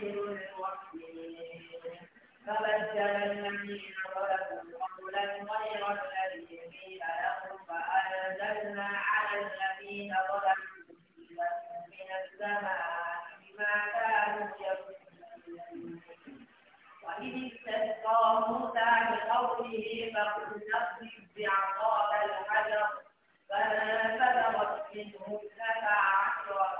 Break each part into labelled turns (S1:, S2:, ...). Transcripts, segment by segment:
S1: فبدل الذين ظلموا قولا غير الذي قيل لهم فأنزلنا على الذين ظلموا من السماء ما كانوا يكسبون وإذ استسقى موسى لقومه فقل نضرب بعصاك الحجر فانفلقت منه اثنتا عشرة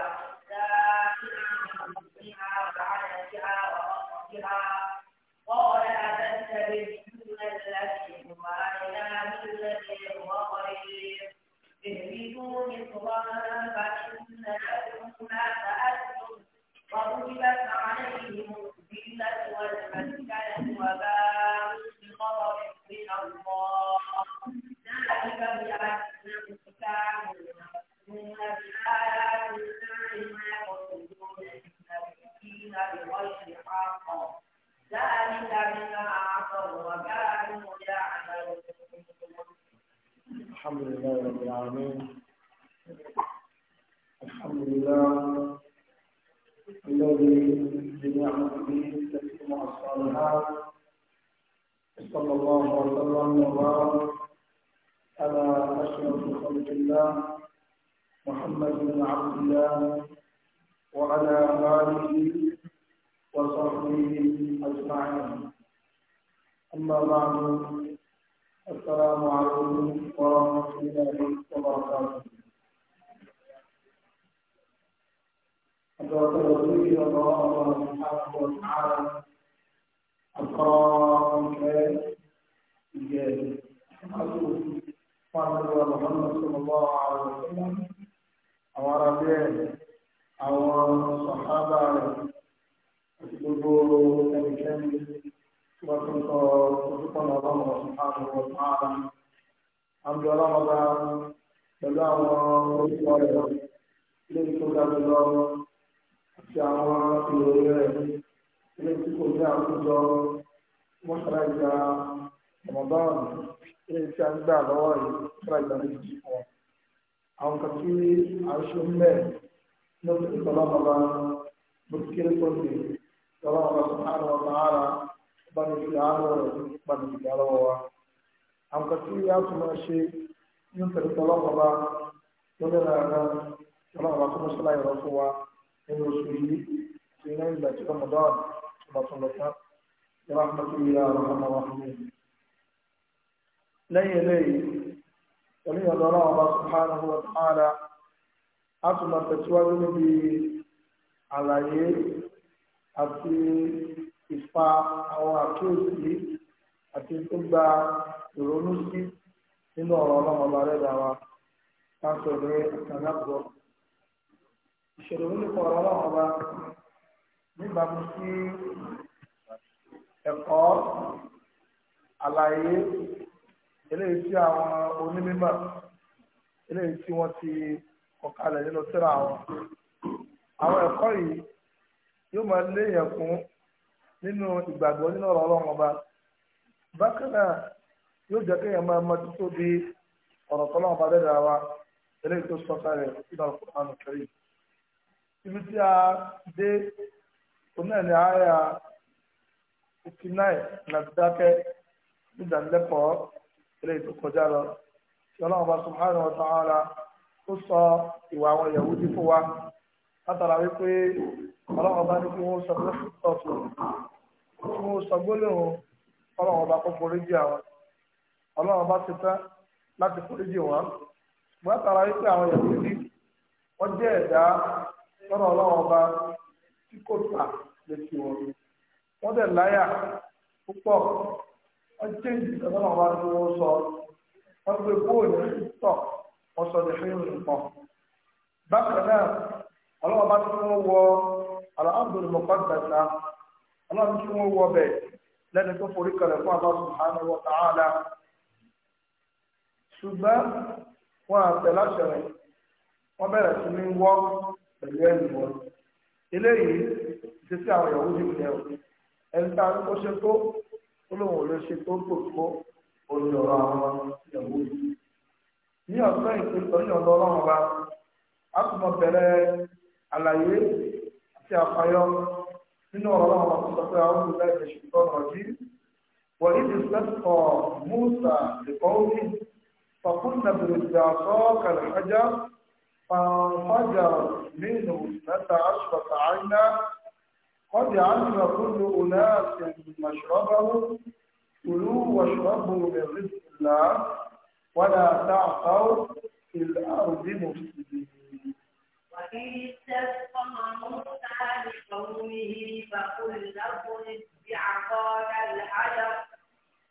S1: فإن لكم ما سألتم وضربت عليهم الذلة والمسكنة وباءوا بغضب من الله ذلك بأنهم كانوا يحكمون بآيات الله ويقتلون
S2: الحمد لله رب العالمين الصالحات صلى الله وسلم وبارك على أشرف خلق الله محمد بن عبد الله وعلى آله وصحبه أجمعين أما بعد
S1: السلام عليكم ورحمة الله وبركاته أدعو الله
S2: سبحانه وتعالى أقرانك إياه أقول فأنا محمد صلى الله عليه وسلم أو ربيه أو صحابة أتقول أنكم وكنت تطلع الله سبحانه وتعالى أمد رمضان بلا ورسوله لن تقبل الله أشعر في الولاية لن ní àwùjọ mọ́ṣáláà ìgbà ọmọbáwọn ilé iṣẹ́ àgbà lọ́wọ́ yìí mọ́ṣáláà ìgbà méjì jì fún wọn. àwọn kan tí àṣọ mẹ́ ló fi sọlá bàbá bó ti kéré tó lè sọlá bàbá tó hàn wọn sàárà bá ní fi àárọ̀ rẹ̀ bá ní ìgbà lọ́wọ́ wa. àwọn kan tí a tún máa ṣe ní pẹ̀lú sọlá bàbá tó lè rà rà sọlá bàbá tó mọ́ṣáláà ìrọ̀ fún wa nínú oṣù yìí àti nínú ìgbà tí lọ́tọ̀lọ́tọ̀ ìrànlọ́tọ̀lọ́yà rọ̀hánàwáhánà lẹ́yìn eléyìí pẹ̀lú ìyọ̀dọ̀ ọlọ́run bá subhanahu wa ta'ala àlàyé àti ìfa àwọn àkíyèsí àti tó gba ìrònú sí nínú ọ̀rọ̀ ọlọ́run ọba rẹ̀ dára nípa ọ̀rọ̀ ọlọ́run ọba níbàámu sí ẹ̀kọ́ àlàyé eléyìí tí àwọn onímọ̀ eléyìí tí wọ́n ti kọ̀kalẹ̀ nínú tírà wọn. àwọn ẹ̀kọ́ yìí yóò máa léèyàn kún nínú ìgbàgbọ́ nínú ọ̀rọ̀ ọlọ́run ọba bákan náà yóò jẹ́ kéèyàn máa mọ títún bí ọ̀rọ̀ tọ́lọ́run ọba dẹ́dàá wa eléyìí tó sọ kalẹ̀ nínú ọ̀rọ̀ kọ̀ọ̀kan kẹrin. ibi tí a dé òun náà ni àyà fifty nine làbídákẹ́ nídàálẹ́kọ̀ọ́ ilé ètò subhanahu wa ta'ala ó sọ ìwà Yahudi fún wa látara wípé wa bá ní kí wọ́n sọ pé tọ̀tù tí kò fà létí wọn wọ́n dẹ̀ láyà púpọ̀ wọ́n chéǹjì ọlọ́run wa ni wọ́n sọ wọ́n gbé bóòlù tọ̀ wọ́n sọ ní fíìmù nìkan bákan náà ọlọ́run bá tún wọ́n wọ aláàbòrò mọ̀kọ́ gbàgbà ọlọ́run tún wọ́n wọ bẹ̀ lẹ́ni tó forí kalẹ̀ fún Allah subhanahu wa ta'ala ṣùgbọ́n wọn àtẹ̀ láṣẹ rẹ̀ wọ́n bẹ̀rẹ̀ sí ní wọ́ pẹ̀lú wọn. eléyìí ìṣesí àwọn ìyàwó ní ìpínlẹ̀ ọ̀hún ẹni tá a ń kó ṣe tó ó lóun ò lè ṣe tó tó tó òun ọ̀rọ̀ àwọn ìyàwó yìí. ní ọ̀sán ìpínlẹ̀ ní ọ̀dọ́ ọlọ́run ọba a tún mọ bẹ̀rẹ̀ àlàyé àti àfàyọ nínú ọ̀rọ̀ ọlọ́run ọba tó sọ pé àwọn olùdá ìfẹ́ ṣùgbọ́n ọ̀rọ̀ yìí wọ́n ní ìsẹ́kọ̀ Musa ìkọ́ فانفجر منه اثنتا عشرة عينا قد علم كل أناس مشربه كلوا واشربوا من رزق الله ولا تعثوا في الأرض مفسدين
S1: وإذ استسقى موسى لقومه فقل لهم بعصاك الحجر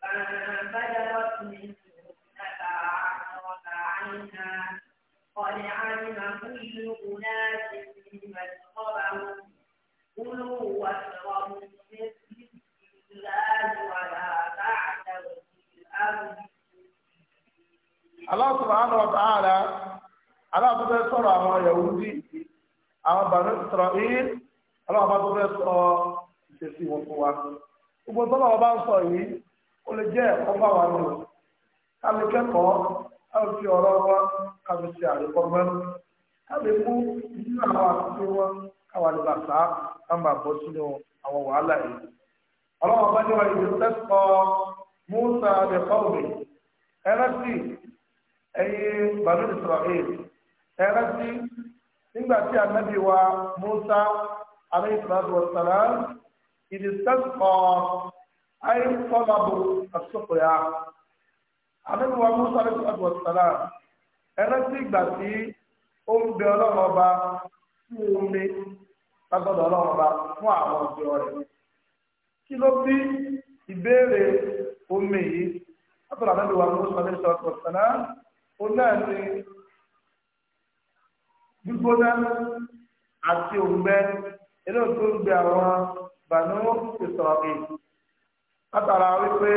S1: فانفجرت منه اثنتا عشرة عينا قد علم كل أناس مشربهم كلوا واشربوا
S2: Allah subhanahu wa ta'ala aláàbò fẹ́ sọ̀rọ̀ àwọn Yahudi àwọn Bani Isra'il aláàbò tó fẹ́ sọ ìṣesí wọn fún wa gbogbo tó náà bá ń sọ yìí ó lè jẹ́ ẹ̀kọ́ ká lè kẹ́kọ̀ọ́ a ò fi ọ̀rọ̀ wa ká fi ṣe àríkọ́gbọ́n ká lè mú nínú àwọn àtúntò wọn káwa lè bà sá ká má wa ìlú tẹ́sọ̀ Musa àdẹ̀kọ́ òbí ẹrẹ́sì ẹ̀yin bàbá Israel ẹrẹ́sì nígbà tí anabi wa Musa alayhi salatu wa salam ìdí tẹ́sọ̀ ayé sọ́lábù àsopọ̀ yá. anábìwá musa alayhi salatu wa salam ẹrẹ́sì ìgbà tí ó ń bẹ ọlọ́run ọba fún omi lágbọ́dọ̀ ọlọ́run ọba fún àwọn ọ̀dọ́ rẹ̀ kí ló bí ìbéèrè omi yìí látọ̀dọ̀ anábìwá musa alayhi salatu wa salam ó náà ní gbígbóná àti òǹgbẹ eléyìí tó ń gbé àwọn bànú ìsọ̀rọ̀ yìí látara wípé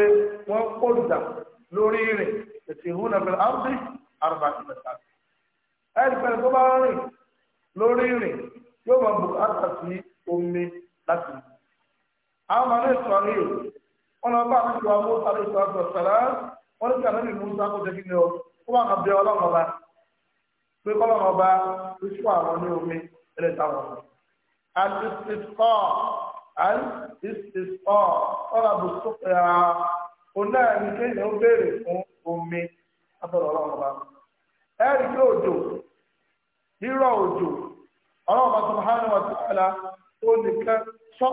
S2: wọ́n kó ìdàpọ̀ lórí rẹ̀ tètè hùn náà fẹ́rẹ̀ áwùdí àrùbá ìbẹ̀tà. ẹ̀rí pẹ̀lú tó bá rìn lórí rẹ̀ yóò máa bu àtà sí omi láti mú. àwọn ọmọ náà sọ rí wọn lọ bá àtúntò àwọn ọmọ sáré sọ àtúntò sàrà wọn ní kàdé nínú sáfù jẹ́ kí ni ọ kó wà kà bẹ ọlọ́run ọba pé kọ́lọ́run ọba ló ṣú àwọn ní omi ẹlẹ́ta wọn. àti ìsìkọ́ àti ìsìkọ́ ọ̀làbùsọ̀ òun náà ni kéèyàn ń béèrè fún omi abọ́dọ̀ ọlọ́run ọba ẹ̀rí pé òjò rírọ̀ òjò ọlọ́run ọba subhanahu wa ta'ala ó nìkan sọ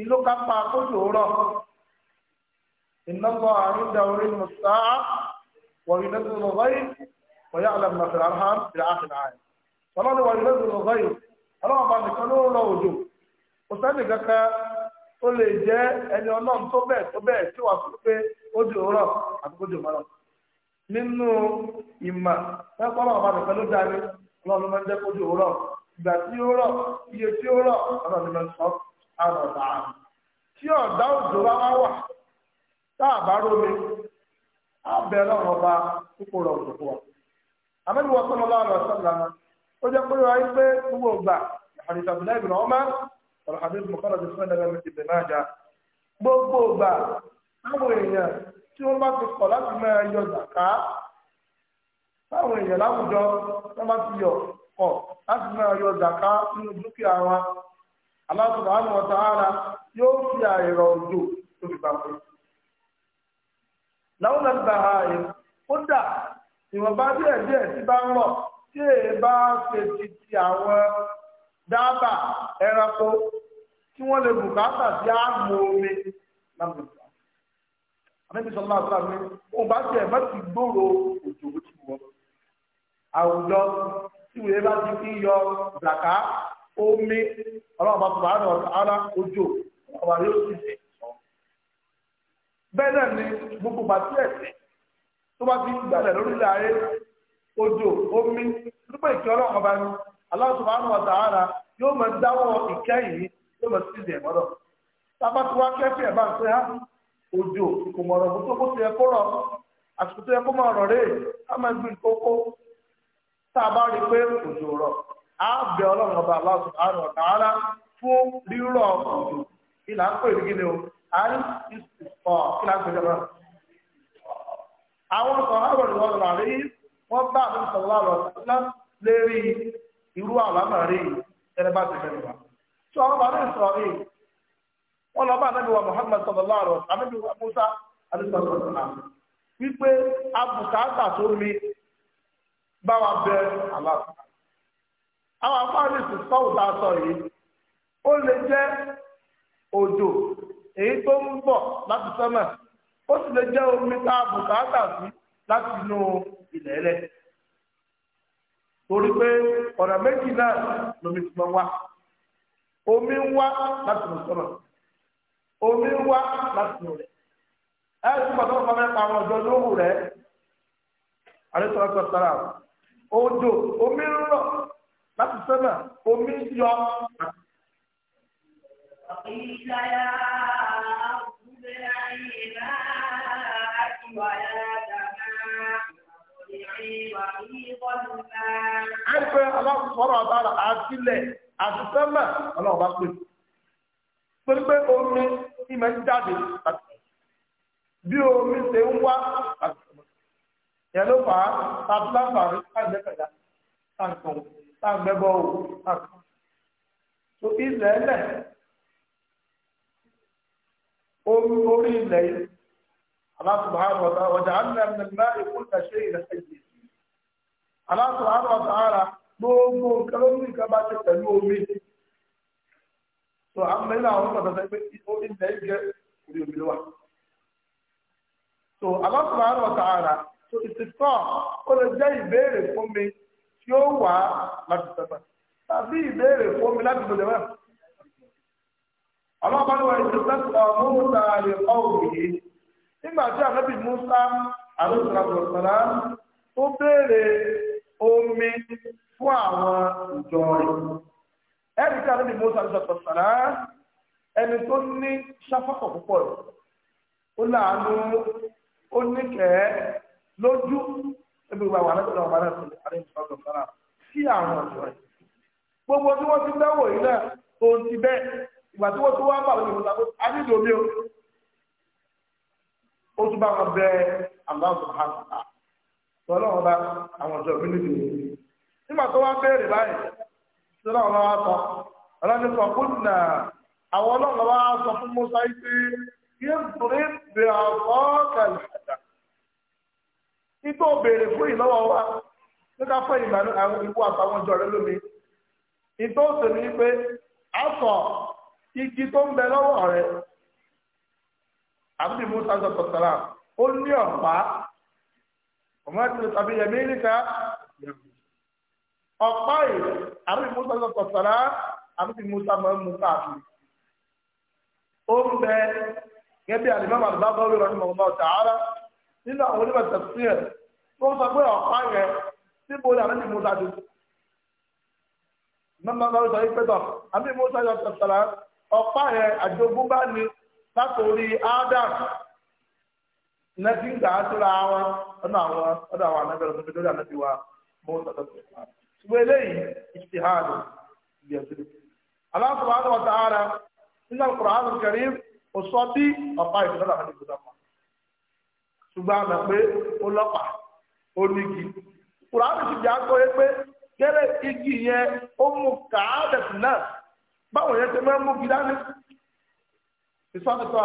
S2: ìlú ká pa kójò rọ̀ inna Allah inda ilmu as-sa'a wa yunazzilu al-ghayth wa ya'lamu ma fi al-arham ọlọ́run wa yunazzilu al-ghayth ọlọ́run ọba nìkan ló rọ̀ òjò kò kankan ó lè jẹ ẹni ọlọ́run tó bẹ́ẹ̀ tó bẹ́ẹ̀ tí wàá fún pé ó jò rọ̀ àti kó jò mọ́rọ̀ nínú ìmọ̀ lẹ́kọ̀ọ́ náà bá nìkan ló darí ọlọ́run máa ń jẹ́ kó jò rọ̀ ìgbà tí ó rọ̀ iye tí ó rọ̀ máa ń sọ ọ̀dà àrùn tí ọ̀dà òjò wá wà tá a bá ọba rọ̀ ọ̀làdé mọ̀kànlá ti fún ẹ̀dẹ́gbẹ́ mi ti bẹ̀ náà já gbogbo ìgbà táwọn èèyàn tí wọ́n bá ti kọ̀ láti máa yọ zàká táwọn èèyàn láwùjọ wọ́n bá ti yọ kọ̀ láti máa yọ zàká nínú dúkìá wọn Allah subhanahu wa ta'ala yóò fi àìrọ̀ òjò tó fi bá wọn. láwọn náà ha ẹ̀ kódà ìwọ̀nba díẹ̀ díẹ̀ tí bá ń rọ̀ tí èè bá ṣe ti ti àwọn dábàá ẹranko tí wọ́n lè bùkátà sí àmú omi lábùkà. Àmẹ́bí sọ́lá àbúrà mi, òun bá tiẹ̀ bá ti gbòòrò òjò ó ti wọ̀. Àwùjọ tí wòye bá ti fi yọ zàká omi ọlọ́run bá tọ̀bà àrùn ara òjò ọ̀bà yóò sì sè. Bẹ́ẹ̀ náà ni gbogbo bàtí ẹ̀sìn tó bá ti gbàlẹ̀ lórílẹ̀ ayé òjò omi nígbà ìkẹ́ ọlọ́run ọba ni aláṣọ bá àrùn ara yóò máa dáwọ́ ìkẹ́yìn yóò lọ sí ìdìyẹ mọ́rọ̀ tábà tí wọ́n kẹ́fì ẹ̀ bá ń pè á òjò kò mọ̀rọ̀ bó tó bó ti yẹ kó rọ̀ àsìkò tó yẹ kó máa rọ̀ rèé á máa gbin kókó tá a bá rí i pé òjò rọ̀ á bẹ ọlọ́run ọba Allah subhanahu wa ta'ala fún rírọ̀ òjò ìlà ń pè nígbìn o àìsìkò ìlà ń pè jọba. àwọn sọ̀rọ̀ ni wọ́n rà rí wọ́n bá àdúgbò sọ̀rọ̀ àlọ́ lérí irú àlámà rí ẹni bá ti tí àwọn bàbá ìsọ̀rọ̀ yìí wọ́n lọ bá anábì wa Muhammad sallallahu alaihi wa Musa alẹ́sọ̀rọ̀ sọ̀rọ̀ wípé abùkátà tó mi bá wa bẹ aláàbò àwọn afáàlì sì sọ́wọ́ tá a sọ yìí ó lè jẹ́ òjò èyí tó ń láti ó sì lè omi tá a bùkátà sí láti inú omi ń láti nù omi ń láti nù ẹ ẹ túbọ̀ tọ́lọ́ fọmọ́ ẹ̀ka àwọn ọ̀dọ́ lóhùn rẹ̀ àrísọ́lọ́sọ sára odò omi láti sọ́nà omi yọ. àti sẹ́mà ọlọ́run bá pè torí pé omi ìmọ̀ ń jáde bí omi ṣe ń wá yẹn ló fà á tàbí láǹfààní káàdẹ́fẹ̀dá tàǹkàn tàǹgbẹ́bọ̀ ò tàǹkàn tó ilẹ̀ ẹlẹ̀ omi orí ilẹ̀ yìí aláṣùbọ̀ àrùn ọ̀tá ọjà àmì ẹ̀mí ẹ̀mí ẹ̀kú ìrẹsẹ̀ yìí aláṣùbọ̀ àrùn ọ̀tá ara gbogbo nǹkan ló ní nǹkan bá ṣe pẹ̀lú omi so àwọn mẹ́rin àwọn ọ̀sán sọ pé omi ilẹ̀ jẹ́ orí omi ló wà so alákùnrin àrùn ọ̀tá ara so ìsìnkọ́ ó lè jẹ́ ìbéèrè fún mi tí ó wà láti sẹ́gbà tàbí ìbéèrè fún mi láti gbọdọ̀ mẹ́rin ọlọ́pàá ni wọ́n ti sẹ́kọ̀ọ́ mọ́tà lè kọ́ òwúyé nígbà tí àlẹ́bí Musa àlùsọ̀rọ̀ sọ̀rọ̀ tó béèrè omi fún
S1: àwọn ìjọ rẹ̀.
S2: ẹ̀rí tí a lóde mọ́sá ló sọ̀tọ̀ sàrá ẹni tó ní ṣáfọ́kọ̀ púpọ̀ rẹ̀ ó láàánú ó ní kẹ́ẹ́ lójú ebi gba wà lẹ́sọ̀rọ̀ ọba náà sílẹ̀ àrẹ ìṣòro ọ̀dọ̀ sára sí àwọn ọ̀dọ́ rẹ̀. gbogbo tí wọ́n ti dáwọ̀ yìí náà tó ti bẹ́ẹ̀ ìgbà tí wọ́n tó wá bà lórí ìmọ̀ta tó a ó tún bá wọn bẹ àlọ́ àbùhàn sọlọ́ ọba àwọn ọ̀dọ́ ìpínlẹ̀ ìdìbò nígbà tó wá béèrè báyìí sọlọ́ ọba wa sọ ọlọ́ni sọ fún nà àwọn ọlọ́run wa sọ fún Musa yìí pé kí n torí bè ọ̀fọ́ kàlẹ́ àjà títí ó béèrè fún ìlọ́wọ́ wa nígbà fún ìgbàlú àwọn ìwú àtàwọn ìjọ rẹ lómi ìtọ́ òsè ní pé àtọ̀ igi tó ń bẹ lọ́wọ́ rẹ àbúrò Musa sọ tọ̀tàrà ó ní ọ̀pá ọmọ ẹtù tàbí yẹmí nìka ọ̀pá yìí àbí musa sọ̀tọ̀ sọ̀rọ̀ àbí musa máa ń mú káàkiri ó ń bẹ gẹ́gẹ́ àdìmọ́ màdùbá bọ́ wíwọ́n ní mọ̀mọ́ ọ̀tà ara nínú àwọn onímọ̀ tẹ̀sí ẹ̀ tó ń sọ pé ọ̀pá àbí musa ti kú mọ́mọ́ bá sọ yìí musa sọ̀tọ̀ sọ̀rọ̀ ọ̀pá yẹn àjogúnbá ni látòrí Ádámù nẹ́tí gbà á tóra wọn ọ̀dọ̀ àwọn ọ̀dọ̀ àwọn anábẹ́rẹ́ tó fi lórí ànábì wa mú tọ́tọ́ tó fà á. ṣùgbọ́n eléyìí ìṣèhádù ìgbìyànjú. Allah subhanahu wa ta'ala nínú Al-Qur'an Al-Karim kò sọ bí ọ̀pá ìgbìyànjú àwọn àti ìgbìyànjú ọ̀pá. ṣùgbọ́n àmọ̀ pé ó lọ́pàá ó nígi. Qur'an ti jà kó yẹ pé kẹ́lẹ́ igi yẹn ó mú kàádẹ̀tì náà báwo yẹn ti máa mú gidá ní. ìsọ́nìtọ́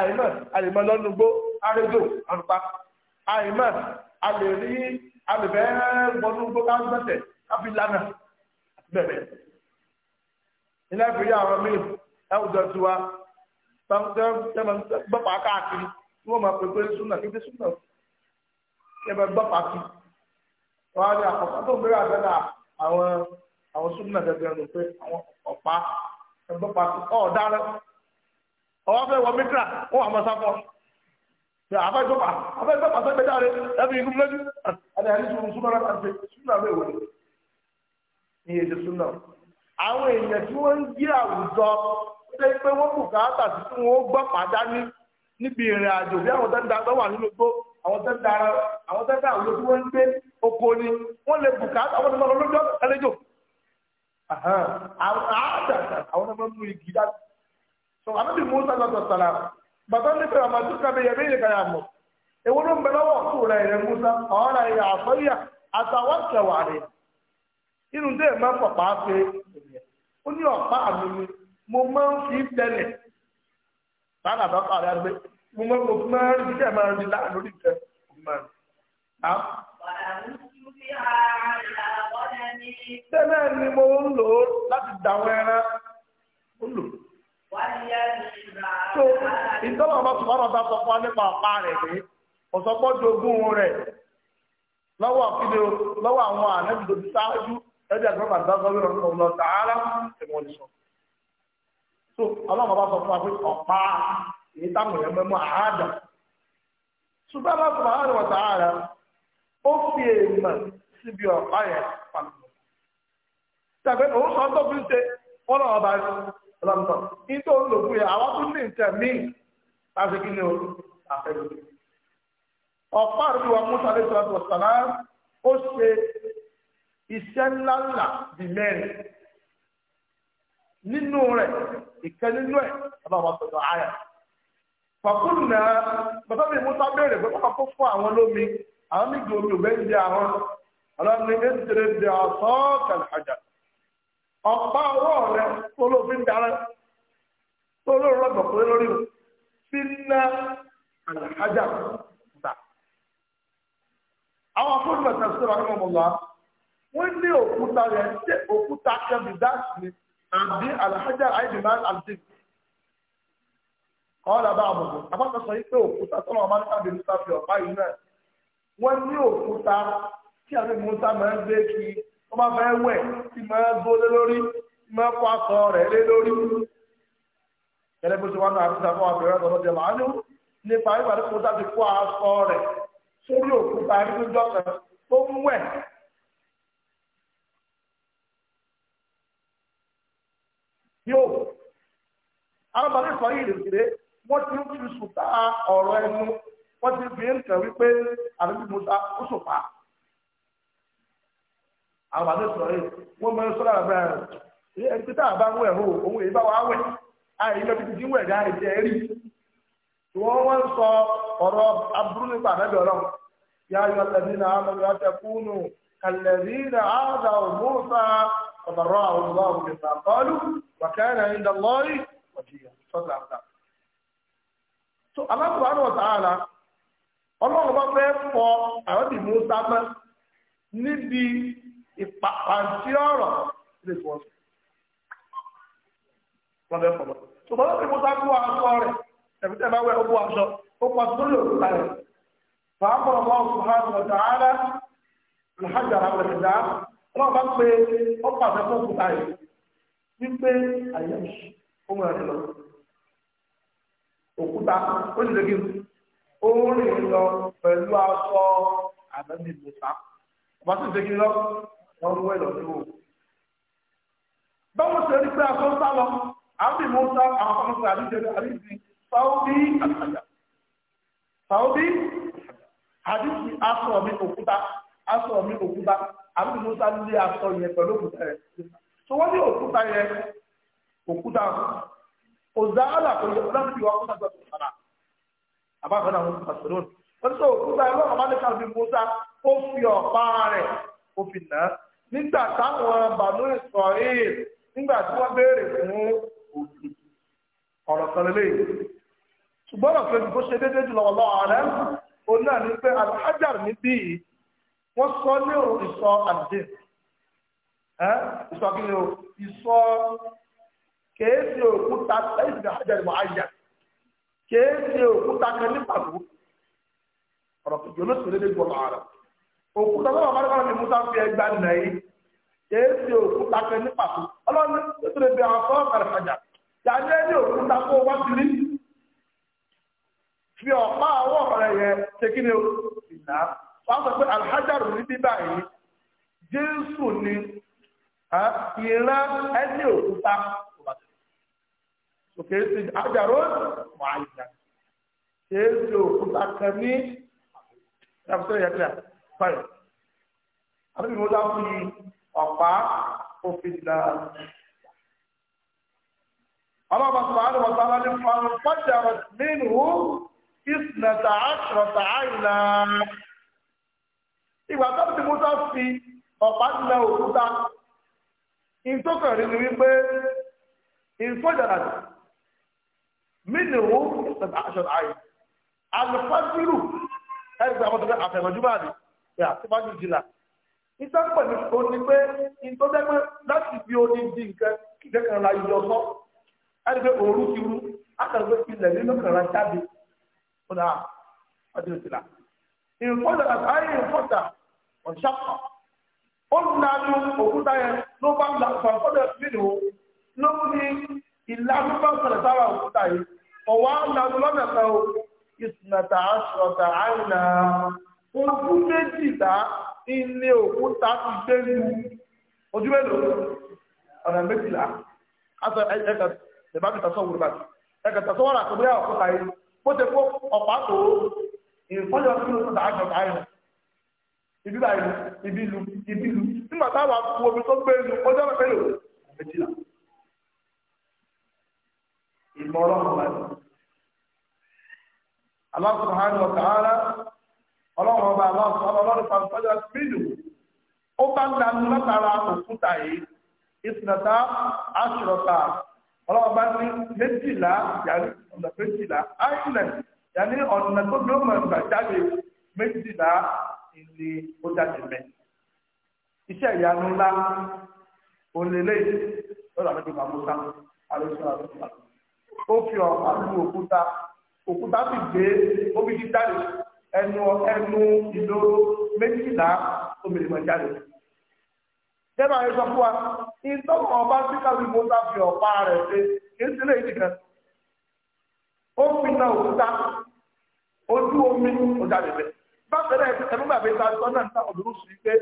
S2: àìmọ̀ àlèmọ̀ lọ́nugbó àrègbò àrùpá àìmọ̀ àlè rí àlèfẹ́ wọnúgbó káńtẹ̀tẹ̀ káfí lánà bẹ̀rẹ̀. ilé ìfìyà àwọn míì ẹ̀wùjọ tiwa gbọ́pà káàkiri tí wọ́n máa pè pé súnà kété súnà ẹ̀bẹ̀ gbọ́pà kí wọ́n á ní àkọ́kọ́ tó ń bẹ̀rẹ̀ àbẹ́là àwọn àwọn súnà gẹ́gẹ́ nù pé àwọn ọ̀pá ẹ̀gbọ́pà kí ọ̀ọ́dára ọwọ́ fẹ́ wọ mítírà ó wà mọ́sá fọ́ àfẹ́ ìjọba àfẹ́ ìjọba sọ gbẹdá rẹ ẹbí ikú lójú àti àyè sùn sùn náà láti sùn náà lóòwò ní èdè sùn náà àwọn èèyàn tí wọ́n ń yí àwùjọ ṣe pé wọ́n kù káàtà sí tí wọ́n gbọ́ pàdá ní níbi ìrìn àjò bí àwọn tẹ́ńdà lọ́wọ́ nínú igbó àwọn tẹ́ńdà ara àwọn tẹ́ńdà àwùjọ tí wọ́n ń gbé oko ni wọ́n lè bù káàtà wọ́n lè lọ lójọ́ ẹlẹ́jọ́ àwọn àádàtà àwọn ọmọ mú igi dáadáa so anabi musa lọsọsọla bàtà nípa àmàtú kàbí yẹmí nìkan yà mọ èwo ló ń bẹ lọ́wọ́ ọtún rẹ rẹ musa ọ̀hún àfọyà kẹwàá inú dé mọ pàpà pé ó ní ọ̀pá àmì mi mo máa ń fi mo máa ń máa ń máa ń láàánú
S1: so ìtọ́lọ̀ bá
S2: sọ̀rọ̀ bá sọ fún wa nípa ọ̀pá rẹ̀ pé ọ̀sọ́pọ̀ jogún rẹ̀ lọ́wọ́ kíni o lọ́wọ́ àwọn ànábì tó ti sáájú ẹ̀jẹ̀ àgbọ̀n bàtà sọ́wọ́ ìrọ̀lẹ́ ọ̀hún lọ tààrà ẹ̀wọ̀n ní so ọlọ́run bá sọ fún wa pé ọ̀pá èyí táwọn èèyàn mẹ́mọ́ àádà ṣùgbọ́n bá sọ̀rọ̀ àádọ́ wọ̀ tààrà ó fi èèmọ̀ síbi ọ̀pá yẹn pàmò. tàbí òun sọ ọlọ́mùtọ́ nítorí olùkú yẹn àwọn tó ní nǹkan míì láti kí ni o àfẹ́lẹ́ ọ̀pá àdúgbò wa musa alẹ́ sọ́dọ̀ ọ̀sánà ó ṣe iṣẹ́ ńláńlá bíi mẹ́rin nínú rẹ̀ ìkẹ́ nínú ẹ̀ ọlọ́wọ́ sọ̀tọ̀ àyà fàkúrù náà bàbá mi musa béèrè pé kọ́kọ́ fún àwọn lómi àwọn méjì omi ò ń jẹ àwọn ọlọ́run ní ètùtù rẹ̀ di ọ̀sán kàlẹ́ àjàdù. ọ̀pá ọwọ́ rẹ olófin dára olóòrò gbọ̀pọ̀ lórí o sí ná àlàájá gbà. àwọn afọ́nùmọ̀ tẹ̀síwájú àwọn ọmọ wa wọ́n ní òkúta rẹ̀ ṣé òkúta kẹ́bi dáàsì àbí àlàájá àìdìmọ́ àti kọ́ọ̀dà bá àbùkù àbákan sọ pé òkúta tọ́lọ̀ ọmọ ọ̀pá náà wọ́n ní òkúta ọ baa fẹ́ wẹ̀ tí máa lé lórí tí máa kó aṣọ rẹ̀ lé lórí. gẹ́gẹ́ bó ṣe wá náà àti ìsàfihàn àbẹ̀rẹ̀ ọ̀dọ́ jẹ̀ máa ń nípa nípa tí mo sáti kó sórí òkúta kan tó ń wẹ̀. yóò alábàárẹ̀ sọ yìí ti ń fi ẹnu ti fi ń àwọn àti sọ̀rọ̀ yìí wọ́n mọ sọ́ra àbẹ́ rẹ̀ ẹni tá a bá ń wẹ̀ hó òun èyí bá wà á wẹ̀ àyè ilé títí wẹ̀ dá ẹ̀jẹ̀ rí wọ́n wọ́n sọ ọ̀rọ̀ aburú nípa àbẹ́bẹ̀ ọlọ́run yá yọ lẹ́dínà àmọ́lẹ́ àtẹkùnú àwọn nípa tó alákùnrin àwọn ìpàǹtí ọ̀rọ̀ lè fọ́ sí. wọ́n fẹ́ fọ́lọ́. ṣùgbọ́n lórí mo sábú aṣọ rẹ̀ ẹ̀mí tẹ́ bá wẹ̀ owó aṣọ ó pọ̀ sórí òkúta rẹ̀. fàákọ̀ ọ̀gbọ́n subhanahu wa ta'ala làhájà àwọn ẹ̀dá ọlọ́run bá pé ó pàṣẹ fún òkúta rẹ̀ wípé àyẹ̀mí ó mú ẹ̀rọ lọ. òkúta ó sì lè kí ó rìn lọ pẹ̀lú aṣọ àbẹ̀mí ìgbésà. ọba sì lè kí lọ wọ́n mú ẹ̀ lọ́dún o. báwo ṣe rí pé aṣọ sá lọ àbí mo sá àwọn ọmọ sọ àdíjẹ àdíjì sáwọ́bí àtàjà sáwọ́bí àdíjì aṣọ mi òkúta aṣọ mi òkúta àbí mo sá nílé aṣọ yẹn pẹ̀lú òkúta yẹn tó wọ́n ní òkúta yẹn òkúta òzá àlàkòyè ọlọ́run ti wá òkúta gbọ́dọ̀ sára àbáfẹ́ náà wọ́n ti pàṣẹ lónìí wọ́n ti sọ òkúta yẹn lọ́kàn má lè ká fi mo sá ó fi ọ̀pá rẹ̀ ó fi nà á nígbà táwọn bàbá Israel nígbà tí wọ́n béèrè fún òkè ọ̀rọ̀ kan lélẹ́yìn ṣùgbọ́n ọ̀rọ̀ kejì tó ṣe déédéé jùlọ wọ́n ààrẹ òun náà ní pé alhajar níbí wọ́n sọ ní ìsọ àdé ìsọ kí ni o ìsọ kèéfì òkúta lẹ́yìn ìgbà hajar ìwà ayà kèéfì òkúta kan ní pàtó ọ̀rọ̀ kejì olóṣèlú déédéé jùlọ ààrẹ òkúta tó wà bárakàlà ní musa fi ẹgbà nà yìí kìí ṣe òkúta kan ní pàtó ọlọ́run tó tẹ̀lé bí àwọn fọ́ọ̀mù àrẹ̀fàjà yàrá ní òkúta kó wá sí rí fi ọ̀pá ọwọ́ rẹ̀ yẹ ṣèkí ni ìná wọ́n sọ pé alhajaru ní bíbá yìí jésù ni ìran ẹni òkúta òkè sí ajaró wàá yà kìí ṣe òkúta kan ní àbúrò yẹn kíláà fine àbí mo dá fún yìí ọ̀pá òfin dá ọlọ́pàá sọ̀rọ̀ àdùnmọ̀ sábà ní fọnù fọ́jàrọ̀ nínú ìsìnàtà àṣọ̀tà àìlà ìgbà tó ti mú tó fi ọ̀pá nílẹ̀ òkúta ìtòkàn rí ni wípé ìfọ́jàrà nínú ìsìnàtà àṣọ̀tà àìlà alùpàdìrù ẹ̀rí pé àwọn tó fẹ́ àfẹ̀mọ́júmọ́ àdìsí pé àtìmájú jìlá nígbà pẹ̀lú òní pé ìtọ́jẹ́pẹ́ láti fi òní di nǹkan kíkẹ́ kan la yọ sọ ẹni pé òru ti ru akàgbé ilẹ̀ nínú kan la jáde ó dà ọdún ìjìlá ìrìnkọ́jà àtàrí ìrìnkọ́jà ọ̀ṣàkọ́ ó nanu òkúta yẹn ló bá ń la fàǹfọ́dọ̀ nínú ló ní ìlànà bá sọ̀rọ̀ sára òkúta yìí ọ̀wá nanu lọ́nà kan ìsìnàtà àṣọ̀tà àìnà ojú méjìlá ilé òkúta ti dé lu ojú mélòó ọ̀nà méjìlá aṣọ ẹ̀ka ìbá mi tasọ̀ wúlò báyìí ẹ̀ka tasọ̀ wọ́n àti bóyá òkúta yìí bó kó ọ̀pá tó ìfọ́jọ́ sí ló àjọ káyọ̀ ibi báyìí ibi ibi nígbà táwọn omi tó gbé mélòó méjìlá ìmọ̀ ọlọ́run báyìí. Allah subhanahu wa ta'ala ọlọ́run ọba aláwọ̀ ọlọ́run pàṣẹ fídù ó bá ń dànù látara òkúta yìí ìsìnàta aṣọ̀rọ̀ta ọlọ́run bá ní méjìlá yàrá ọ̀nà méjìlá island yàrá ọ̀nà tó dúró mọ̀ ìgbà jáde méjìlá ilé ó jáde mẹ́. iṣẹ́ ìyanu ńlá òlélẹ́ lọ́dọ̀ àti ìgbà mọ́ta àlọ́sọ̀rọ̀ àlọ́sọ̀rọ̀ ó fi ọ̀pá lu òkúta òkúta sì gbé ó fi jí jáde ẹnu ẹnu ìlò méjìlá omi lè mọ̀ jáde dẹ́gbà yẹn sọ fún wa ìtọ́wọ̀ ọba tí káwí mo ta fi ọ̀pá rẹ̀ ṣe kì í sílẹ̀ yìí nìkan ó fi na òkúta ojú omi ọjà bẹ̀bẹ̀ bákan náà ẹ̀mí bàbá ìta sọ náà ta ọ̀dúró sí pé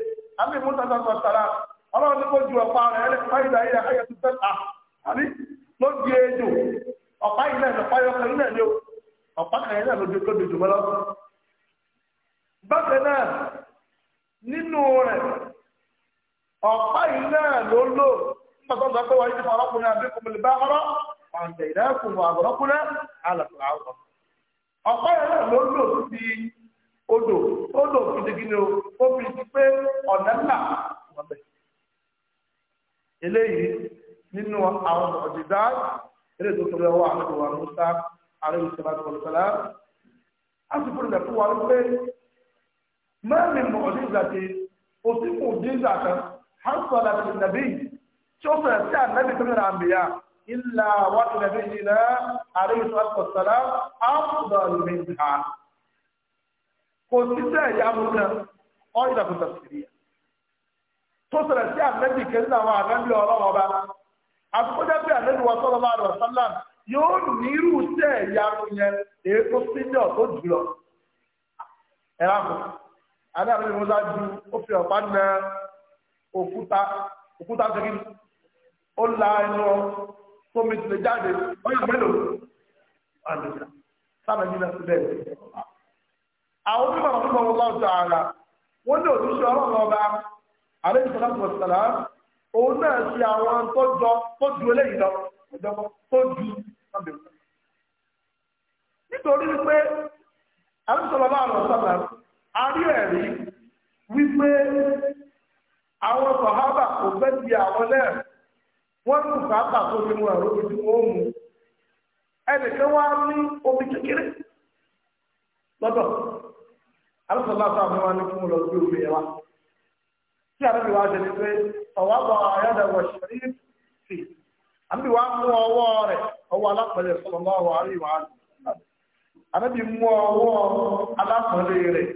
S2: àmì mo tata sọ tara ọlọ́run ní kó ju ọ̀pá rẹ̀ ẹ̀rẹ́ fáyì náà yẹ ayẹ tó tẹ́ta ah, àbí ló di ejò ọ̀pá yìí náà ọ̀pá bákan náà nínú rẹ̀ ọ̀pá yìí náà ló lò nígbà tó ń sọ pé wọ́n yí fún ọlọ́kùnrin àbíkùnrin bá ọ̀rọ̀ ọ̀ǹtẹ̀ ìdáàkùnrin àbọ̀rọ̀kùnrin àlàkùnrin àwọn ọ̀pá yìí náà ló lò sí odò odò gidigidi o ó fi ti pé ọ̀nà ńlá wọn eléyìí nínú àwọn ọ̀dìdá eré tó tọrọ ẹwà àti ìwà musa àrẹ ìṣẹ̀lẹ̀ àti ما من معجزة أصيب معجزة حصلت النبي شوف يا النبي كل الأنبياء إلا ونبينا عليه الصلاة والسلام أفضل منها قلت يا مولانا أين كنت تفسيريا tọ́sọ̀rọ̀ sí àmẹ́bì kẹ́lá àwọn àmẹ́bì ọlọ́wọ́ bá àtúkọ́jẹ́ أقول àmẹ́bì wọn sọ́lọ́ bá rọ̀ sálàm yóò nírú sẹ́ẹ̀yà yẹn يا tó sílẹ̀ tó jùlọ ẹ̀rọ àkọ́kọ́ adáàbí musa ju ó fi ọ̀pá na òkúta òkúta fẹ́ kí ó la ẹnu ọ tó mi ti lè jáde ọyọ mélòó àdìgbà sábà yìí náà bẹ́ẹ̀ àwọn onímọ̀ àwọn onímọ̀ wọn lọ́wọ́ sàrà wọ́n ní òṣìṣẹ́ ọlọ́run ọba àlejò sọlá tó sàlá òun náà ṣe àwọn tó jọ tó ju eléyìí lọ tó ju nítorí pé àlejò sọlá bá àlọ́ sábà a rí ẹ̀rí wípé àwọn sọ̀hábà kò fẹ́ di àwọn náà wọ́n kù tó ti mu ẹ̀rọ ojú wọn mú ẹnìkan wá ní omi kékeré lọ́dọ̀ alásọ̀lá sọ àwọn ẹni fún mi lọ sí omi yẹn wá a àdébí wa ṣe si pé ọ̀wá bọ̀ àyàdàwọ̀ ṣẹ̀rí sí àbí wa mú ọwọ́ rẹ̀ ọwọ́ alápẹ̀lẹ̀ sọ̀rọ̀ lọ́wọ́ àríwá mú ọwọ́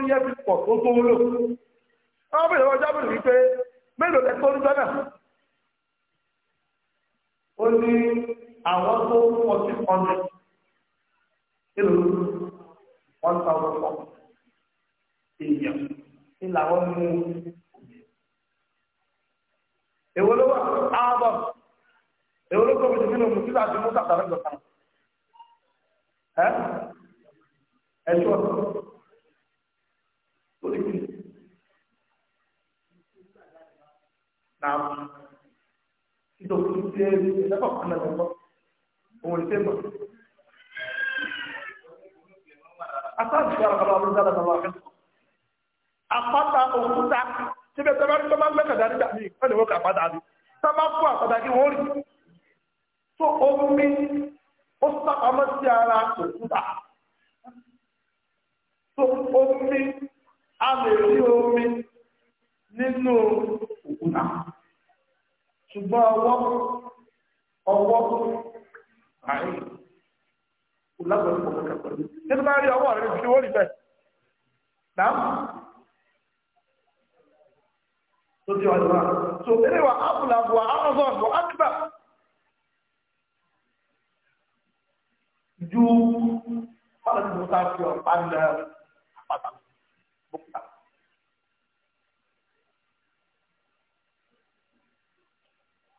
S2: ní yẹ́ fi pọ̀ tó tó wúlò wọ́n bèèrè wọ́n jábìrì wípé mélòó lẹ tó ní sọ́nà ó ní àwọn tó forty hundred kìlò one thousand four èèyàn ní làwọn mú èwo ló wà áàbọ̀ èwo ló kọ́ mi ti nínú àti mùsùlùmí àtàlẹ́gbẹ̀ta ẹ̀ ẹ̀ ṣọ́. tamu itu kita dapat mana dapat umur tema asal sekarang kalau Allah Taala tawarkan apa tak kita sebetulnya teman mereka dari tak ni ada mereka apa tadi sama apa pada kita wali so umi ustaz amat siara kita so umi ada umi nínú òkúta ṣùgbọ́n ọwọ́ ọwọ́ àárín kò lágbàdo kò kankan pẹ̀lú nínú bá rí ọwọ́ rẹ̀ fi wọ́n rí bẹ́ẹ̀ dáàmú tó di ọ̀dọ́ náà so eré wa abúlàbù amazon bọ̀ akíbà ju báwo ni mo ta fi ọ̀pá ń dáa.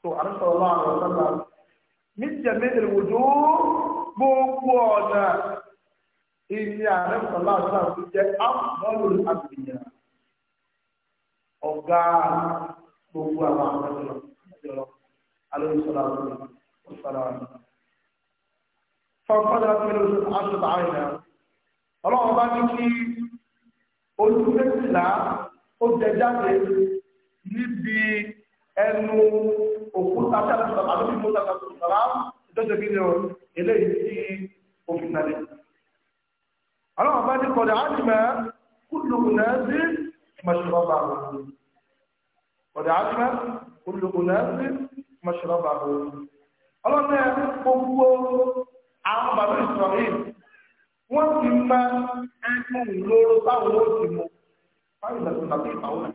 S2: tó àrùsọ̀rọ̀ àwọn ọ̀sánlá níjẹ̀mí ìrìnwòjò gbogbo ọ̀nà ìní àrùsọ̀rọ̀ àṣà tó jẹ́ áfùdọ́lù àgbìyàn ọ̀gá gbogbo àwọn àmọ́jọ́ alóòsọ̀rọ̀ àwọn ọ̀sánlá fọ́nfọ́nà pẹ̀lú aṣọ àìyá ọlọ́run bá ní kí ojú méjìlá ó jẹ jáde níbi ẹnu òkúta tí a lè sọ àlóbi mọ́ta ká tó sọ̀rọ̀ ìdọ́jọ́ kí ni o eléyìí tí òfin náà lè. àwọn àbá ní kọ̀dà á ti mẹ́ kúlù náà sí mọ̀ṣọ́rọ̀bà òun. kọ̀dà á ti mẹ́ kúlù náà sí mọ̀ṣọ́rọ̀bà òun. ọlọ́mọ ẹ̀ gbogbo àwọn bàbá ìsọ̀rọ̀ yìí wọ́n ti mọ ẹ̀kún lóró táwọn ó ti mú. báyìí lọ́sùn tàbí ìpàwọ́ náà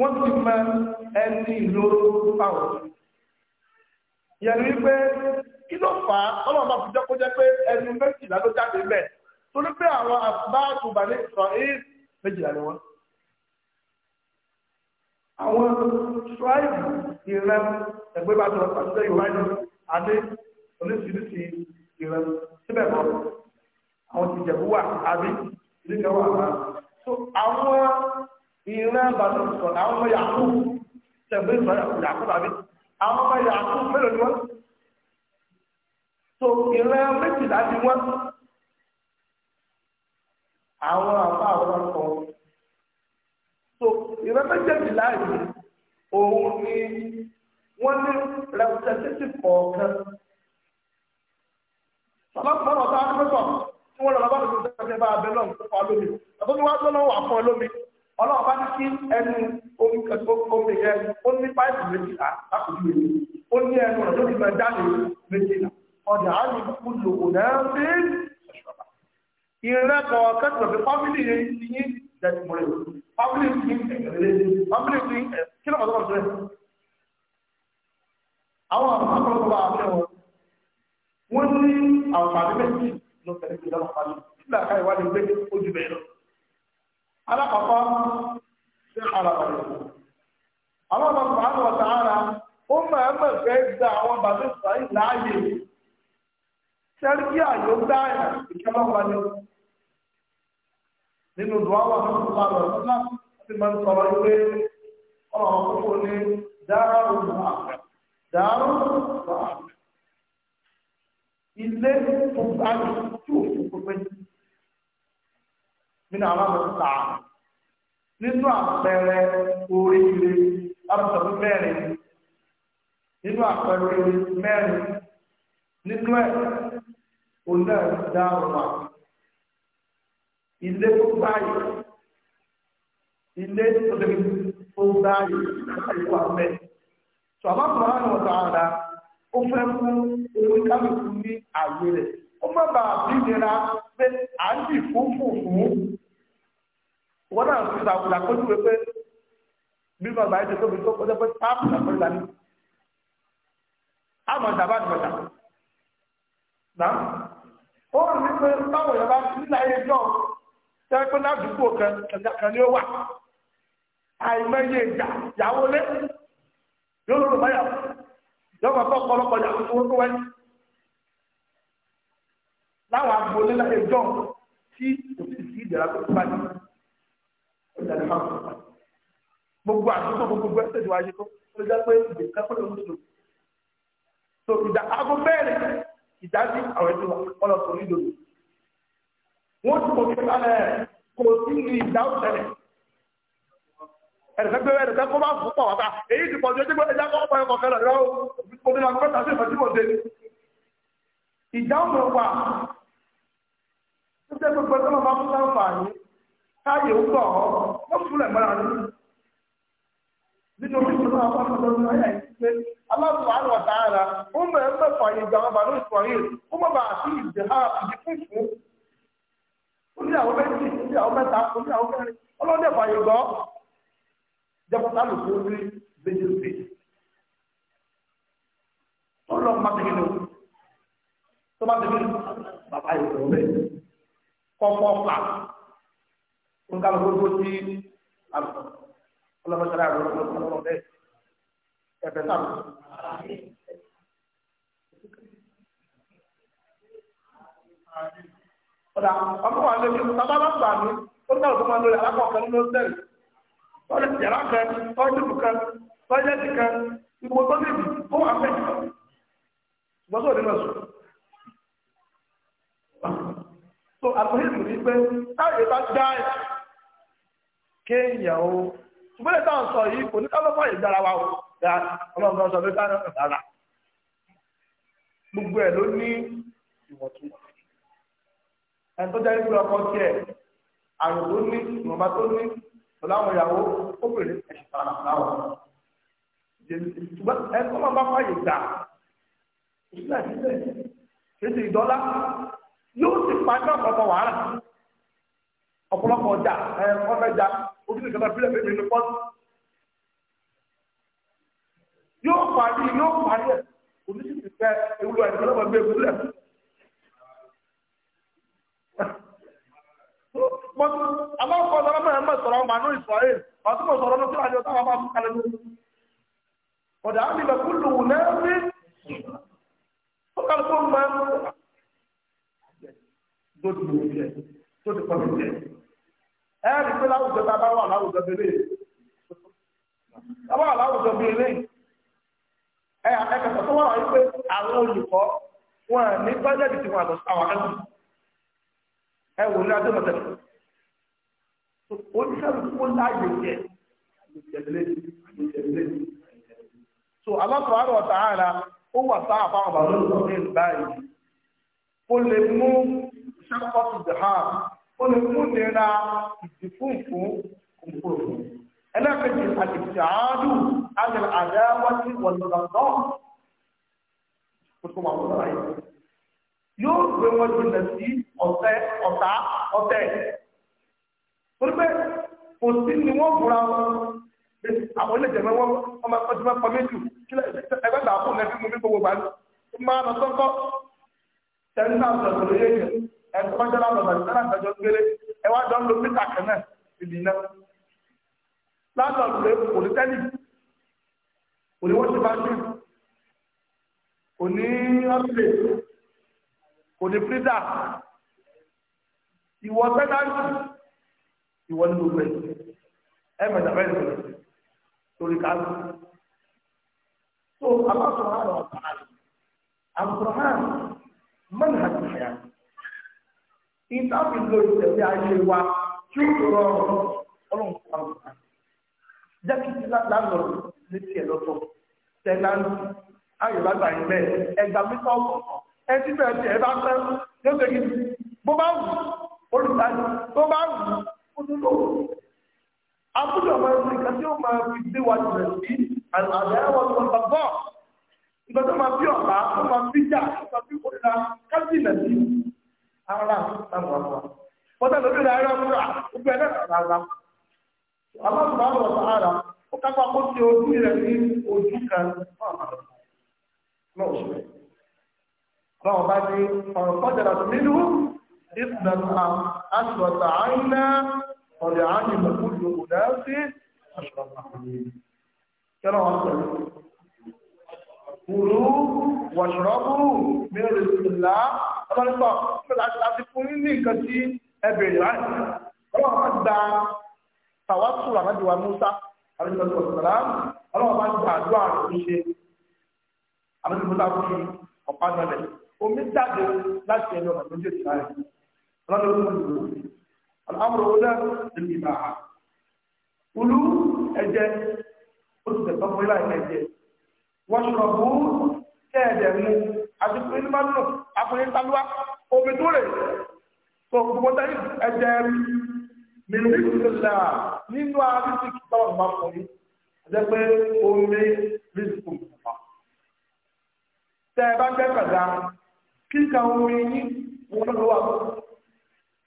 S2: wọ́n ti mọ ẹni ìlóró fáwọn. yẹnu wípé kí ló fà á ọlọ́run bá fi jẹ́ kó jẹ́ pé ẹnu méjìlá ló jáde mẹ́ torí pé àwọn àbáàtù bàdé sọ èyí méjìlá ni wọ́n. àwọn tíráìbù ìran ẹgbẹ́ bá tọrọ pàṣẹ ìwádìí adé oríṣiríṣi ìran síbẹ̀ mọ́ àwọn tìjẹ̀bú wà àbí ìdíkẹ́ wà wá. so àwọn ìran bàtà sọ àwọn ọmọ yàkú tẹ̀gbẹ́ ìsọ̀rọ̀ yàkú bàbí àwọn ọmọ yàkú mélòó ni wọ́n so ìran méjìlá ni wọ́n àwọn àbá àwọn ọkọ̀ so ìran méjìlá yìí òun ni wọ́n ní representative kọ̀ọ̀kan sọlọ́pọ̀ ọ̀tá akẹ́kọ̀ọ́ tí wọ́n lọ bá lọ́dún tó ń bá abẹ́ lọ́nà tó pa lómi àtọ́ni wá gbọ́n náà wà lómi ọlọ́run bá ní kí ẹnu omi omi yẹn ó ní páìpù méjìlá lákòókò yẹn ó ní ẹnu ọ̀dọ́ ti máa jáde méjìlá ọjà á ní kú lòkò náà dé ṣọ̀ṣọ̀ba. ìrìnà kan kẹ́tọ̀ pé fámìlì yẹn ti yín dẹ̀tí mọ́lẹ̀ fámìlì ti yín ẹ̀rẹ́ fámìlì ti yín kí lọ́kọ̀ tó kọ̀ àwọn àkọlọ́kọ̀ bá àfẹ́ wọn ní àǹfààní méjì alákọ̀ọ́kọ́ ṣe àlàbàlẹ̀ àwọn ọmọ sùpàánù ọ̀tà ara ó máa mọ̀ fẹ́ gba àwọn bàbá ìsàlẹ̀ láàyè sẹ́ríkì àyò dáyà ìjọba wáyé nínú dùwáwà tó ń pa lọ sọ́nà ti máa ń sọ̀rọ̀ ìwé ọ̀rọ̀ ọ̀kọ́kọ́ ní dáárù náà dáárù náà ilé tó gbáyé tí òfin kò pẹ́ yìí nínú àwọn àmọ́ta nínú àpẹẹrẹ oríire lábùsọ̀rọ̀ mẹ́rin nínú àpẹẹrẹ mẹ́rin nínú ẹ̀ oná dá ọ̀rọ̀ ilé tó báyìí ilé tó débi tó báyìí láti wà mẹ́ tó àbáfọ̀ láwọn ọ̀tá ara ó fẹ́ fún orí kálukú ní àyè rẹ̀ ó má bàa bí nira pé à ń dì fún fùfú wọn náà fi sàwọn làkójú rẹ pé bí wọn bá yẹ kó mi tó kọjá pé páàpù làkójú làní àmọ́ ìjàmbá ti bọjà náà ó rìn ní pé báwo yẹn bá nílà yẹn jọ tẹ pé ládùúgbò kan kan ni ó wà àìmọye ìjà yàwó lé yóò lọ báyà yóò máa bọ́ ọ̀pọ̀lọpọ̀ yàwó tó tó wáyé láwọn agbolé láyé jọ tí kò sí ìdẹ̀ra tó bá yẹ gbogbo àtúntò gbogbo ẹsẹ̀ tí wàá ṣe tó ó jẹ́ pé ìdè kẹ́kọ̀ọ́ ló ń lò so ìdá aago mẹ́rin ìdájí àwọn ẹ̀dùn ọlọ́sọ̀ nílò wọ́n ti kò kí ah, ẹ kò sí ní ìdáhùn tẹ̀lé ẹ̀rẹ̀fẹ́ gbé ẹ̀rẹ̀fẹ́ kó bá fún pọ̀wọ́ta èyí ti pọ̀ ju ẹjẹ́ pé ẹjẹ́ kọ́ pọ̀ ẹ̀kọ́ kẹlẹ̀ rẹ o omi náà gbọ́dọ̀ sí ìfọ̀sí òde ìdáhùn mẹ́wàá tó jẹ́ pé pẹ̀lú ọmọ bá fún láǹfààní káyè ń bọ̀ ọ́ wọ́n fún rẹ̀ nínú náà wọ́n fún ọdún ayé pé ara ó mẹ́fà yìí gba ọba ló sọ yìí ó mọ̀ bá àti ìdè ha fún ìfún ó ní àwọn ó ní àwọn mẹ́ta ó ní àwọn mẹ́rin yìí gbọ́ jẹ́pọ̀tà ló fún orí lọ tó bá nǹkan gbogbo tí àlùkò ọlọ́mọṣẹ́lá àlùkò ọlọ́mọ bẹ́ẹ̀ ẹ̀fẹ̀ sáà ọ̀dà ọmọ wa lórí bàbá bá gbà mí ó ń tàbí ọmọ lórí alákọ̀ọ́kan nínú sẹ́ẹ̀lì wọ́n lè yàrá kan tọ́jú kan tọ́jẹ́sì kan ìwò tó lè ó wà fẹ́ ṣùgbọ́n tó nínú ọ̀sùn. so àpò ìlú ni pé táyé bá dá ẹ̀ kéèyàn o ṣùgbọ́n lè táwọn yìí kò ní ká lọ́kọ̀ ìdára wa o ya ọlọ́run sọ pé ká dára gbogbo ẹ̀ ló ní ìwọ̀ntúnwọ̀n ẹni tó jẹ́ nígbà ọkọ tiẹ̀ àrùn tó ní ìwọ̀nba tó ní pẹ̀lú àwọn ìyàwó obìnrin ẹ̀ṣẹ̀ tààrà láwọn ṣùgbọ́n ẹni tó máa bá fàyè gbà ìṣúná ìṣúná ìdọ́lá yóò ti pa ní ọ̀pọ̀lọpọ̀ wàhálà ọ̀pọ̀lọpọ̀ ọjà ẹ̀ ọ̀fẹ́jà ojú nìkan bá bílẹ̀ bẹ́ẹ̀ nínú pọ́ọ̀tù yóò parí yóò parí ẹ̀ oníṣẹ́ ti fẹ́ ewúro ẹ̀ lọ́wọ́ gbé ewúrẹ́ mọ́tò aláwọ̀kọ́ ọ̀dọ́ máa ń mọ̀ sọ̀rọ̀ ọmọ àánú ìsọ̀rẹ́ ọtí mọ̀ sọ̀rọ̀ ọmọ tí wàá di ọtá wàá máa fún kalẹ̀ lórí ọ̀dà á nílẹ̀ kú lòun náà ó kà lóko máa ń tó ti wò ó jẹ tó ti ẹ rí pé láwùjọ tá a bá wà láwùjọ bẹ̀rẹ̀ tá a bá wà láwùjọ bẹ̀rẹ̀ ẹ akẹ́kọ̀ọ́ tó wà wáyé pé àwọn olùkọ́ wọn ní bájẹ́tì tí wọn àtọ̀ àwọn akẹ́kọ̀ọ́ ẹ wò ní adé mọ̀tẹ́lẹ̀ oníṣẹ́lú kó láàyè jẹ so àrò àrà ó wà bàbá ní ó lè mú dè hàn ó lè mú nira ìdìfúnfún kúkúrò ẹlẹ́kẹ̀jì àdìsáàdù àdìrà àdáwọ́sí wọ̀lọ́dọ̀ kókó wà wọ́n láyé yóò gbé wọn jìnnà sí ọ̀tẹ̀ ọ̀tá ọ̀tẹ̀ torí pé kò sí ni wọ́n bùra wọn àwọn ilé ìjẹ̀mẹ́ wọn ọmọ ọdún máa pọ̀ méjì ẹgbẹ́ gbà fún ẹgbẹ́ mú mi gbogbo gbà ní máa lọ sọ́kọ́ ten thousand lóye yẹn ẹni tó bá jẹ́ lábàbà ìtẹ́lá ìtẹ́jọ́ gbélé ẹ wá jọ ń lo mítà kẹ́nẹ̀ ìdí iná látọ̀lù pé kò ní tẹ́lì kò ní wọ́n ti bá jù kò ní ọ́sìlẹ̀ kò ní frídà ìwọ tẹ́láǹtì ìwọ ní gbogbo ẹ̀ ẹ mẹ́ta bẹ́ẹ̀ lọ lórí káàdì so aláṣọ hàn ọ̀tàn àlùkò hàn mẹ́rin àti ìfẹ́ yàtọ̀ ìtàbí lo ìtẹ̀lé ayé wa tí ó rọrùn ọlọ́run pàrọ̀ kan jẹ́ kí ti lánàá ní tiẹ̀ lọ́tọ̀ tẹ̀láńtì ayọ̀ lágbà yín bẹ́ẹ̀ ẹgbà mítọ̀ ọ̀kọ̀ọ̀kan ẹ ti bẹ̀rẹ̀ tiẹ̀ bá fẹ́ yóò ṣe kí bó bá wù olùtajà tó bá wù ó tún lò abúlé ọmọ ẹgbẹ́ ìka tí ó máa fi gbé wa jùlọ sí àdáyàwó tó ń bá bọ̀ ìgbà tó máa bí ọ̀bá tó máa bí jà tó máa bí kòríra kájí ìlẹ̀ sí ara táwọn ọmọ pọ́tà lórí rẹ̀ ẹ̀rọ kúrò gbogbo ẹ̀rọ rárá
S1: àmọ́ sọ̀rọ̀ àwọn ọ̀sán ara ó kápá kó ti ojú rẹ̀ ní
S2: ojú kan náà ṣe báwọn bá ní ọ̀rọ̀ pọ́tà tó nínú ìsìnàmà aṣọ̀tà àìlá ọ̀rẹ̀ àìlá kúrò òdà sí aṣọ̀tà àìlá kùrú wọ̀ṣọ̀rọ̀bù mẹ́rin ìlà ọlọ́nìkọ̀ láti fún ní nǹkan tí ẹbẹ̀rẹ̀ láti ọlọ́wọ́ bá gba tàwátù àmájúwa Musa alẹ́sọ̀tọ̀ sọ̀rọ̀ ọlọ́wọ́ bá gba àdúrà rẹ̀ tó ṣe àmájú Musa fi ọ̀pá nọlẹ̀ omi jáde láti ẹnu ọ̀nà méjèèjì láàrin ọlọ́dún tó ń lò aláwọ̀ ọ̀dà wọ́ṣọ̀bù tẹ́ẹ̀dẹ̀ mu àti pé ní bánú àfọyín talúwa omi tó rè tó gbogbo táyé ẹ̀jẹ̀ mímú ìṣẹ̀lẹ̀ nínú àrísìkì táwọn bá fọ yìí ẹ̀jẹ̀ pé omi rìsìkò mọ̀fà. tẹ́ ẹ bá ń tẹ́ pẹ̀lá kíkà omi yín wọn lọ́wọ́ àbọ̀.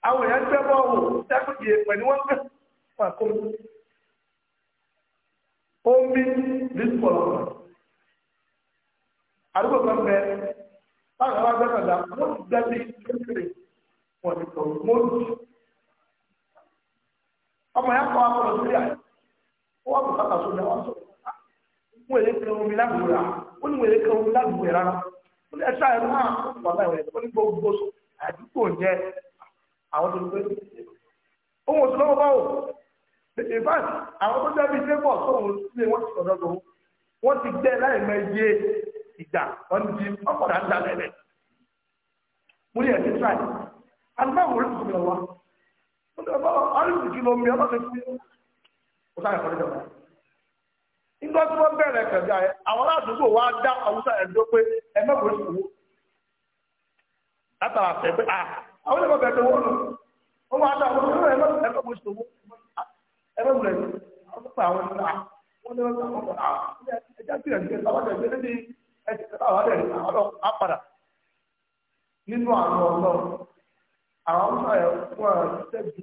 S2: àwọn èèyàn tẹ́ bọ́ wò sẹ́kù yìí pẹ̀lú wọn kẹ́ fún àkómi. omi rìsìkò mọ̀fà àdúgbò kan bẹ báwọn àwọn agbẹ́ náà dá wọ́n ti dẹ́bi kékeré wọ́n ti tọ̀ mọ́tò ọmọ yà kọ́ akọ̀rọ̀ sílẹ̀ àyè wọ́n wà bùkátà sódà wọ́n sọ̀rọ̀ ah, mo èlé kan omi ládùúgbò rà ó ní mo èlé kan omi ládùúgbò rà ó ní ẹ̀ṣá ẹ̀rọ náà ah, ó wà láì wẹ̀ ó ní gbogbo àdúgbò jẹ́ àwọn tó ń gbé ohun òsì lọ́wọ́ báwò in fact àwọn tó jẹ́ bíi sẹ́kọ̀ tó ń sílé wọ́n ti sọ̀dọ̀ lòun wọ́n ti gbẹ́ láì mọ iye ìjà ọ̀nìtì ọ̀pọ̀dà ń dalẹ̀ rẹ̀ múlí ẹ̀ ti tíráì alimẹ́wò orí tuntun lọ́wọ́ ọ̀dọ̀ ọ̀rí tuntun lọ́wọ́ mi ọ̀dọ̀ ti fi ó sáré kọ́lé jọba nígbà tí wọ́n bẹ̀rẹ̀ àwọn aládùúgbò wa dá àwùjọ pé látara fẹ́ pé àwọn ènìyàn bẹ̀rẹ̀ tó wọ́n wọ́n dá àwọn ènìyàn ẹsẹ̀ tó àwọn ọ̀dẹ̀ nínú àwọn ọlọ́run á padà nínú àwọn ọlọ́run àwọn ọmọ ẹ̀ fún ẹ̀ sẹ́jú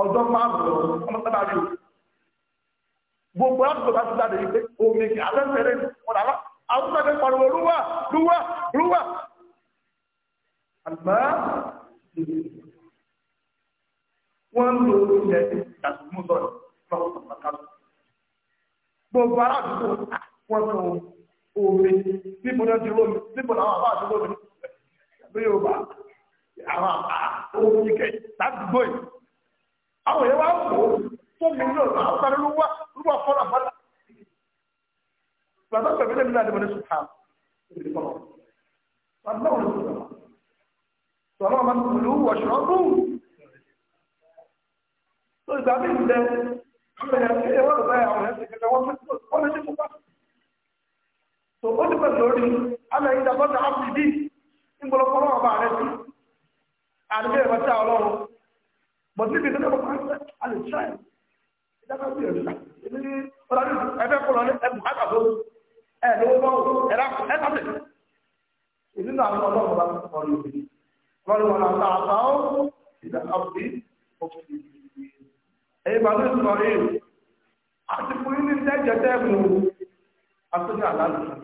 S2: ọjọ́ márùn-ún ọmọ sábà rí o gbogbo àtúntò bá ti jáde yìí pé omi kì àtẹ́sẹ̀rẹ́ ọ̀dà àwọn ọmọ ẹ̀ pariwo rúwà rúwà rúwà àgbà wọ́n ń lo ilẹ̀ ìdàgbàsókè mọ́tò rẹ̀ lọ́wọ́ gbogbo aráàlú wọn tó omi níbo náà ti lómi níbo náà àwọn àti lómi bí yóò bá àwọn omi kẹ ládùúgbò yìí àwọn yẹn wá wò ó tó mi náà lọ àwọn sáré ló wá ló wá fọ́nà fọ́nà bàbá bàbá lẹ́nu náà lẹ́nu sùn kàn ní kọ́nà bàbá wọn lè sùn kàn sọ̀rọ̀ wọn kò lù wọ̀ ṣọ́ bù tó ìgbà mi ń bẹ àwọn yẹn kí ẹ wọ́n lọ bá yà wọ́n yẹn ti kẹ́kẹ́ wọ́n fẹ́ wọ́n lè ṣe kó bá tó ó ti pẹ̀lú lórí alẹ́ ìdàgbọ́sà áfìdí ńgbọ́lọpọ̀ ọlọ́run bá rẹ̀ sí àdúgbò ẹ̀rọ tí a ọlọ́run bọ̀ níbi ìdílé ọkọ̀ á lè tíráì ìdájọ́ bí ẹ̀rọ ìdá ìdí ọlọ́run ẹ̀fẹ́ kọ́ lọ ní ẹ̀bù àgàbó ẹ̀ lówó bọ́ọ̀ ẹ̀rá ẹ̀tàbẹ̀ ìdí náà àwọn ọlọ́run bá ọ̀rọ̀ ìdí ọlọ́run wọn àtà àtà ó ìdá àbùdí ọ̀fìdí ẹ̀yìn bàbá ìsọ̀rọ̀ yìí àti fún yín ní ìdẹ́jẹ̀ tẹ́ẹ̀mù àtúnyà lálùfẹ́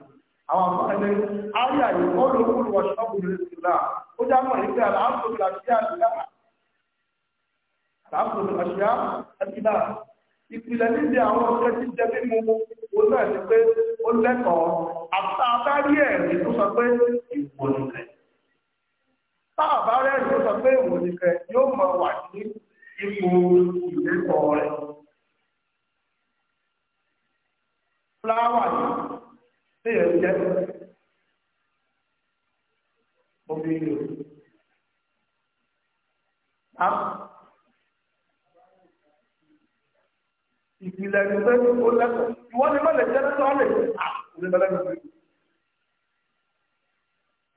S2: àwọn àfọ̀nẹ́lẹ́ ayé àyè ọ̀rọ̀ òkúrò wọ̀ṣọ́ọ̀bù rẹ̀ sì náà ó já mọ̀ nípa àlàáfíà àti àdìgbà àlàáfíà àti àdìgbà ìpìlẹ̀ níbi àwọn ọ̀rẹ́ tí jẹ́ bí mo wo náà ni pé ó lẹ́kọ̀ọ́ àbúrò abárí ẹ̀rí tó sọ pé ìwò nìkẹ́ tá àbárẹ́ ẹ̀rí tó sọ pé ìwò nìkẹ́ yóò mọ̀ wà ní ipò ìlẹ́kọ̀ọ́ rẹ̀ fúláwà yìí téèyàn ń jẹ́ omi yìí o. ìpìlẹ̀ ní pé ó lẹ́kọ̀ọ́ ìwọ́n ni mọ̀lẹ̀ jẹ́ lọ́sọ̀ lè àkùrẹ́ mẹ́lẹ́ mi.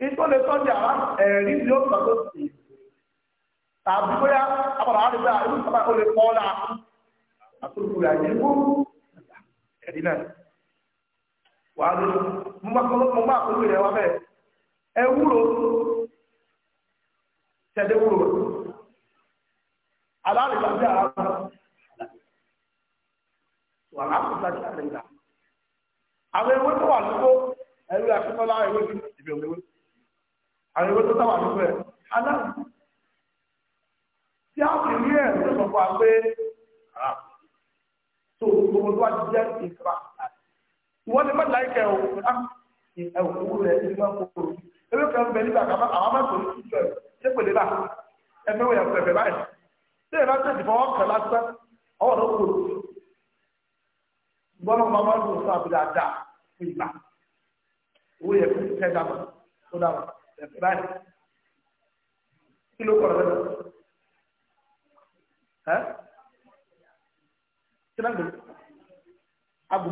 S2: Ìtò lè sọ́jà ẹ̀rí ni ó sọ tó sì tàbí bóyá àpàrà àdìgbà ìlú sábà ó lè kọ́ ọ́ la àtúntò ìyàjẹ́ fún ẹ̀rí náà wà á lóyún mo bá kọ́ mo bá àkókò rẹ̀ wá bẹ́ẹ̀ ẹ wúro tẹ̀lé wúro aláàlú tàbí àrà wà láàkó tàbí àrà ìlà àwọn ewé tó wà lóko ẹ̀rú àkókòlá ewé bí ìbẹ̀wò ewé àwọn ewé tó táwà lóko ẹ̀ aláàlú tí a sì rí ẹ̀ ló sọ fún wa pé tó gbogbo tó wá jẹ́ ìtura. wọ́n ní mọ́tò láìkẹ́ ah, ẹ̀wù rẹ̀ ní wọ́n kó o ewé kan bẹ nígbà kan àwọn amẹ́kọ̀ọ́ ní títú ẹ̀ ṣé pèlè bá ẹgbẹ́ báyìí ṣé lásán ọwọ́ ló máa ń lò àbúrò àdá fún ìgbà owó yẹ fún tó báyìí kí ló lẹ́nu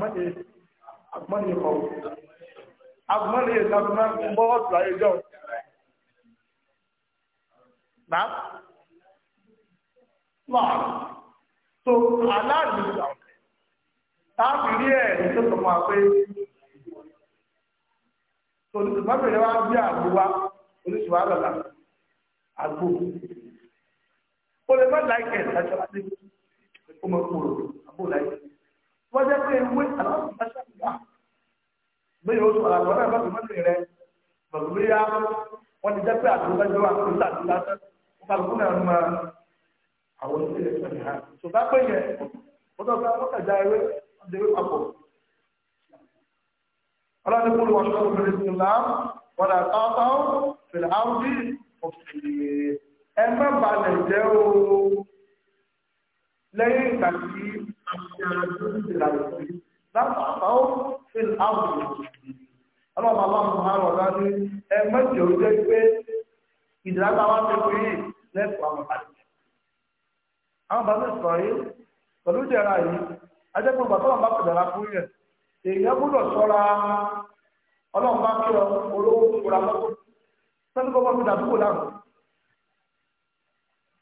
S2: ẹ́ kí agbọ́nì kọ
S1: agbọ́nì yẹn sábà máa ń bọ́
S2: ọ̀tún ayé jọ. Nà náà so aláàlú táàbì rí ẹ̀ ní tó tọmọ pé olùsùnmọ́bìnrin wa bí àgbo wa oníṣòwò àlọ́lá àgbo o lè má láìkẹ́ ìdájọ́ adé kó mọ̀ kúrò àbò láìkẹ́ wọ́n jẹ́ pé ewé àlọ́ ìdájọ́ bẹ́ẹ̀ yóò sọ àwọn náà bàbá mọ́tò rẹ bàbá bíi yá wọ́n ti dẹ́pẹ́ àtúntò ẹgbẹ́ wa kó sàtú lásán ó kà lóko náà máa àwọn oníṣẹ́ rẹ̀ sọ̀rọ̀ ha ṣùgbọ́n pé yẹn ó tọ́ ká wọ́n kàjá ewé ọdẹ ewé papọ̀. ọlọ́run kúrò wọn sọ́kùn fèrè sí ńlá wọn là tọ́tọ́ fèrè áwùdí òfìlè ẹ má balẹ̀ jẹ́ o lẹ́yìn ìgbà tí a ti ṣe àdúgbò yìí látàkọ́ sí àwọn ọlọ́pàá bá mú hàn ọ̀dá ní ẹ mẹ́jọ ó jẹ́ pé ìdílágbà wa ti pè é lẹ́kọ̀ọ́ àwọn bàbá àwọn bàbá sọ̀rọ̀ yìí pẹ̀lú ìjẹ̀ra yìí ajẹ́pọ̀ bàbá wọn bá pẹ̀lú àkú yẹn èèyàn gbọ́dọ̀ sọ́ra ọlọ́run bá kí ọ olówó kúra mọ́tò sẹ́ni kọ́ fi dàdúgbò lánàá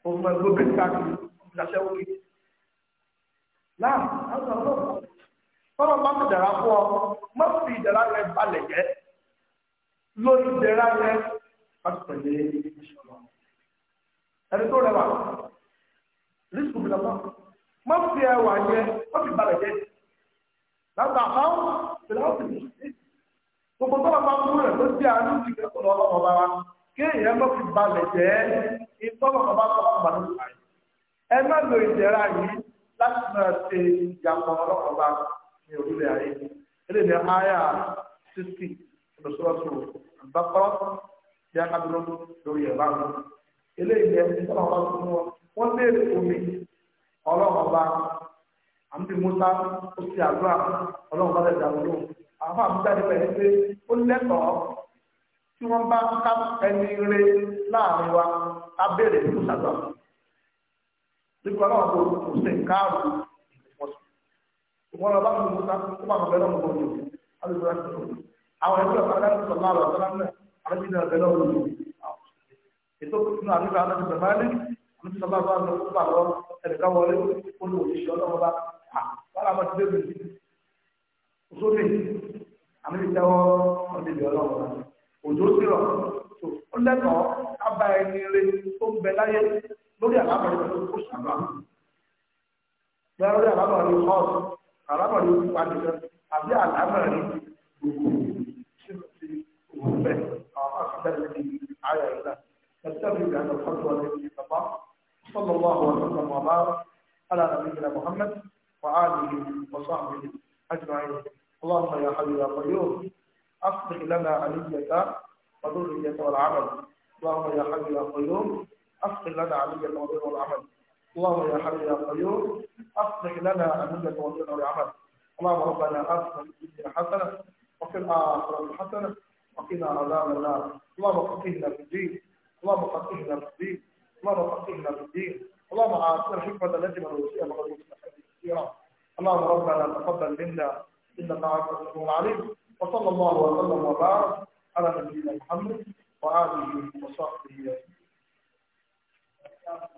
S2: òun ẹgbẹ́ bẹ́ẹ̀ káàkiri ìdàṣẹ́wó kiri láà àwọn ọlọ́run tọ́lọ́ bá ti dàrá fún ọ má fi ìdàrá rẹ balẹ̀ jẹ́ lórí ìdàrá rẹ má ti tẹ̀lé ìṣọ̀lọ́ ẹni tó rẹwà rísùkù mi lọ́wọ́ má fi ẹwà yẹ má fi balẹ̀ jẹ́ láti àpáwọ̀ tẹ̀lé ọ̀sẹ̀ mi gbogbo tọ́lọ́ bá fún rẹ̀ tó ti àánú ti kẹ́kọ̀ọ́ lọ́wọ́ ọba wa kéèyàn má fi balẹ̀ jẹ́ ìtọ́lọ́ ọba tó wà bàtà ẹ má lo ìdẹ̀ra yìí láti máa ṣe ìjàpọ̀ ọlọ́kọ̀ọ́ba ní orílẹ̀ ayé ilé ní àyà sixty lọ́sọ̀rọ̀sọ̀ àbákọ́rọ́ bí akadúró lórí ẹ̀ báwọn ilé ìgbẹ́ ìfọ̀nà ọ̀rọ̀ fún wọn wọ́n léèrè omi ọlọ́run ọba àmì musa ó ti àdúrà ọlọ́run ọba lẹ́dàá wọn lóhùn àwọn àmújáde pẹ̀lú pé ó lẹ́tọ̀ọ́ tí wọ́n bá ká ẹni rẹ láàrin wa á béèrè fún sàdúrà nígbà náà kò sí nǹkan àrùn wọn lọ bá mi mú ta kó máa bẹ̀rẹ̀ lọ́wọ́ lórí o alùpùpù láti tó àwọn ẹgbẹ́ ọ̀pá adájọ́ sọ máa lọ sọ́nà náà alùpùpù náà bẹ̀rẹ̀ lọ́wọ́ lórí ètò nínú àdúrà náà ti bẹ̀rẹ̀ máa lé alùpùpù náà bá lọ sọ́nà lọ ẹ̀ẹ̀kan wọlé ó lò òṣìṣẹ́ ọlọ́wọ́ bá wà láwọn ti dé òṣòfè àmì ìtẹ́wọ́ ọ̀dẹ̀dẹ̀ ọlọ́wọ́ òjò sí rọ̀ ó àlámọ̀ ni ó ti padì kan àbí àlámọ̀ ni gbogbo ṣì òun bẹ̀ àwọn àkàbẹ̀rẹ̀ ní ayà yìí náà ẹ̀sẹ̀rì fọ́tò ọ̀lẹ́ ti bàbá صلى الله وسلم وبارك على نبينا محمد وآله وصحبه أجمعين اللهم يا حي يا قيوم أصلح لنا عليك وذرية والعمل اللهم يا حي يا قيوم أصلح لنا عليك وذرية والعمل اللهم يا حي يا قيوم أصلح لنا ان وأمنا وعمل اللهم ربنا اصلح في الدنيا حسنة وفي الآخرة حسنة وقنا عذاب النار اللهم فقهنا في الدين اللهم فقهنا في الدين اللهم فقهنا في الدين اللهم أعطنا حكمة التي من وسيئة وقد كثيرا اللهم ربنا تقبل منا إنك أنت الله العليم وصلى الله وسلم وبارك على نبينا محمد وآله وصحبه أجمعين